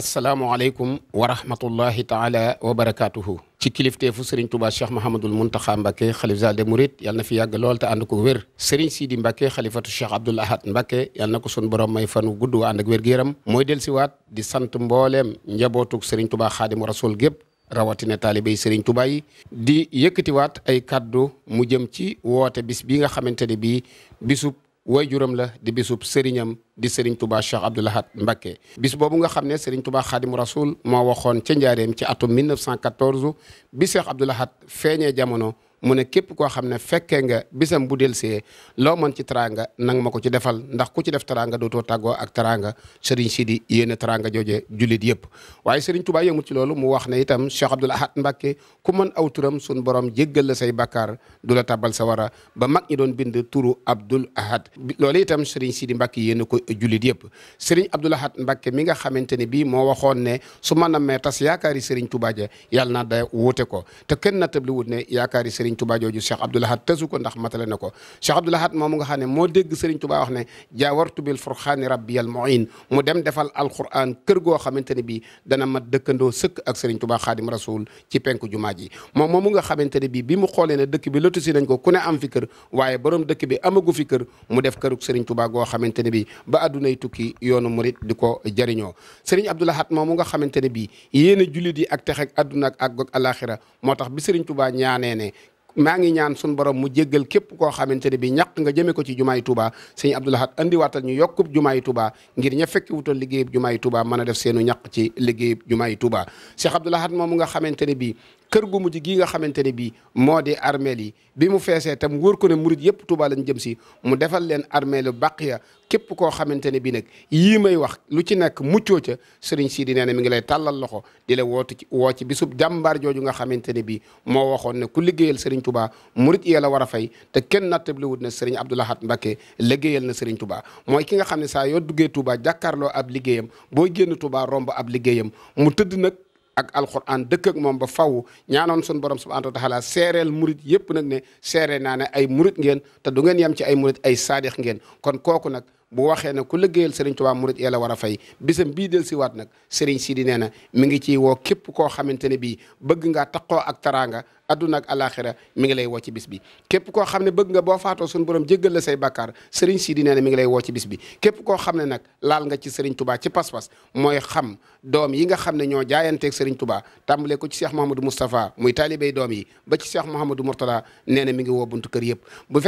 asalaamualeykum wa rahmatullahi taala wa barakaatuhu ci kilifteefu Serigne Touba Cheikh Mouhamadul Mountakha Mbacké xalif zal de Mouride yal na fi yàgg lool te ànd ko wér Serigne Sidi Mbacké xalifatu Cheikh Abdoul Ahad Mbacké yal na ko sun borom may fan wu gudd wa ànd ak wér gu yaram mooy dellusiwaat di sant mbooleem njabootug Serigne Touba Xaadimu Rasul gépp rawatina taalibey Serigne Touba yi di yëkkatiwaat ay kaddu mu jëm ci woote bis bi nga xamante ne bii bisub juram la di bisub sëriñam di sëriñ tubaa Cheikh Abdoul Ahad Mbacké bis boobu nga xam ne sëriñ tubaa xaadimu rasul moo waxoon ca njaareem ci atum 1914 bi Cheikh Abdoul Ahad feeñee jamono mu ne képp koo xam ne fekkee nga bisam bu delsee loo mën ci teraanga nang ma ko ci defal ndax ku ci def teraanga dootoo tàggoo ak teraanga sëriñ Sidi yéen a teraanga jooje julit yëpp waaye sëriñ Tuubaa yëmut ci loolu mu wax ne itam Cheikh Abdoul Ahad Mbacké ku mën aw turam sun borom jéggal la say bàkkaar du la tàbbal sa wara ba mag ñi doon bind turu Abdoul Ahad loolu itam sëriñ Sidi Mbacké yéen ko jullit yëpp sëriñ Abdoul Ahad Mbacké mi nga xamante ne bii moo waxoon ne su ma nammee tas yaakaari sëriñ Tuubaa ja yàlla naa da wute ko te kenn na tabli wut ne yaakaari sëriñ Serigne Touba jooju Cheikh Abdoul Ahad tësu ko ndax matale na ko Cheikh Abdoul Ahad moomu nga xam ne moo dégg Serigne Touba wax ne jaawartu bil furxaani rabbiyal muin mu dem defal alquran kër goo xamante ne bii dana mat dëkkandoo sëkk ak Serigne Touba xaadim rasul ci penku jumaa ji moom moomu nga xamante ne bii bi mu xoolee ne dëkk bi lotusi nañ ko ku ne am fi kër waaye borom dëkk bi amagu fi kër mu def këruk sëriñ Touba goo xamante ne bii ba addunay tukki yoonu murit di ko jariñoo Serigne Abdoul Ahad moomu nga xamante ne bii yéen jullit yi ak texek adduna ak àggog alaxira moo tax bi Serigne Touba ñaanee ne maa ngi ñaan sun borom mu jéggal képp koo xamante ne bi ñàq nga jëme ko ci jumaay Touba sëñ Abdou Lahad andiwaatal ñu yokkub jumaay Touba ngir ña fekki wutal liggéeyub jumaay Touba mën a def seenu ñàq ci liggéeyub jumaay Touba Cheikh Abdou Lahad moom nga xamante ne bi kër gu mujj gii nga xamante ne bii moo di armeel yi bi mu feesee tam wóor ko ne murit yëpp Tuuba lañ jëm si mu defal leen armeelu Baqiya képp koo xamante ne bii nag yii may wax lu ci nekk muccoo ca sëriñ Sidi nee na mu ngi lay tàllal loxo di la wootu ci woo ci bisub jàmbaar jooju nga xamante ne bii moo waxoon ne ku liggéeyal sëriñ Tuuba murit yee la war a fay te kenn nattable wut na sëriñ Abdou Lahad Mbacké liggéeyal na sëriñ Tuuba mooy ki nga xam ne saa yoo duggee Tuuba jàkkaarloo ab liggéeyam boo génn Tuuba romb ab liggéeyam mu tëdd nag ak alxuraan dëkk ak moom ba faw ñaanoon sun borom subhanahu wa taala seereel murit yëpp nag ne seere naa ne ay murit ngeen te du ngeen yem ci ay murit ay saadix ngeen kon kooku nag bu waxee ne ku liggéeyal Serigne Touba murit yee la war a fay bisam bii del siwaat nag Serigne Sidi nee na mi ngi ciy woo képp koo xamante ne bii bëgg ngaa taqoo ak taraanga adduna ak mi ngi lay woo ci bis bi képp koo xam ne bëgg nga boo faatoo suñu borom jéggal la say bàkkaar Serigne Sidi nee na mi ngi lay woo ci bis bi képp koo xam ne nag laal nga ci Serigne Touba ci pas-pas mooy xam doom yi nga xam ne ñoo jaayanteeg Serigne Touba tàmbale ko ci Cheikh Mouhamadou Moustapha muy taalibey doom yi ba ci Cheikh Mouhamadou Mourtada nee na mi ngi woo buntu kër yëpp bu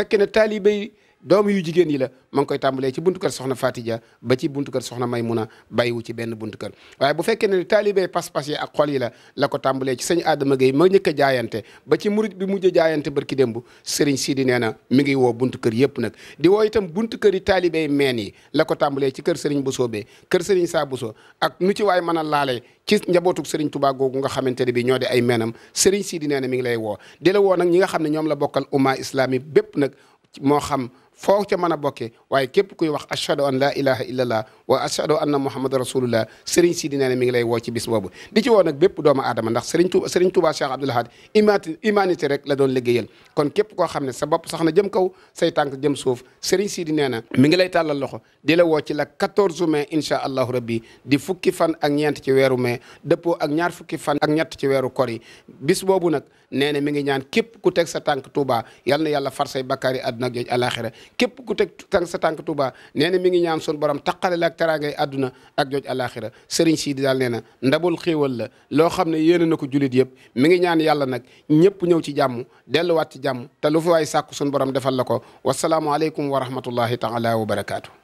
doom yu jigéen yi la ma ngi koy tàmbalee ci buntu kër soxna Fatidia ba ci buntu kër soxna Maymuna bàyyiwu ci benn buntu kër waaye bu fekkee ne taalibee pas-pas yi ak xol yi la la ko tàmbalee ci sëñ Adama Gueye ma njëkk a ba ci murit bi mujj a jaayante barki démb Serigne Sidi nee na mi ngi woo buntu kër yëpp nag di woo itam buntu kër yi taalibee meen yi la ko tàmbalee ci kër Serigne Bosobe kër Serigne Sa Boso ak nu ci waay mën a laale ci njabootuk Serigne tubaa googu nga xamante ne bi ñoo di ay meenam Serigne Sidi nee na mi ngi lay woo di la woo nag ñi nga xam ne ñoom la bokkal umma islami bépp nag moo xam foo ca mën a bokkee waaye képp kuy wax ashhadu an laa ilaha illallah wa ashhadu anna muhammad rasulullah sëriñ Sidi nee na mi ngi lay woo ci bis boobu di ci woo nag bépp doomu aadama ndax sëriñ Tuuba sëriñ Tuuba Cheikh Abdoul rek la doon liggéeyal kon képp koo xam ne sa bopp sax na jëm kaw say tànk jëm suuf sëriñ Sidi nee na mi ngi lay tàllal loxo di la woo ci la 14 mai incha allahu rabbi di fukki fan ak ñeent ci weeru mais dëppoo ak ñaar fukki fan ak ñett ci weeru kor yi bis boobu nag nee na mi ngi ñaan képp ku teg sa tànk Tuuba yal na yàlla far say bakkaari àdduna ak àlaxira képp ku teg tànk sa tànk Touba nee na mi ngi ñaan sun boram taqale la ak teraangay àdduna ak jooj alaxira sëriñ Sidi daal nee na ndabul xéewal la loo xam ne yéene na ko jullit yëpp mi ngi ñaan yàlla nag ñëpp ñëw ci jàmm delluwaat ci jàmm te lu fi waay sàkku sun borom defal la ko wasalaamualeykum wa rahmatullahi taala wa barakaatu.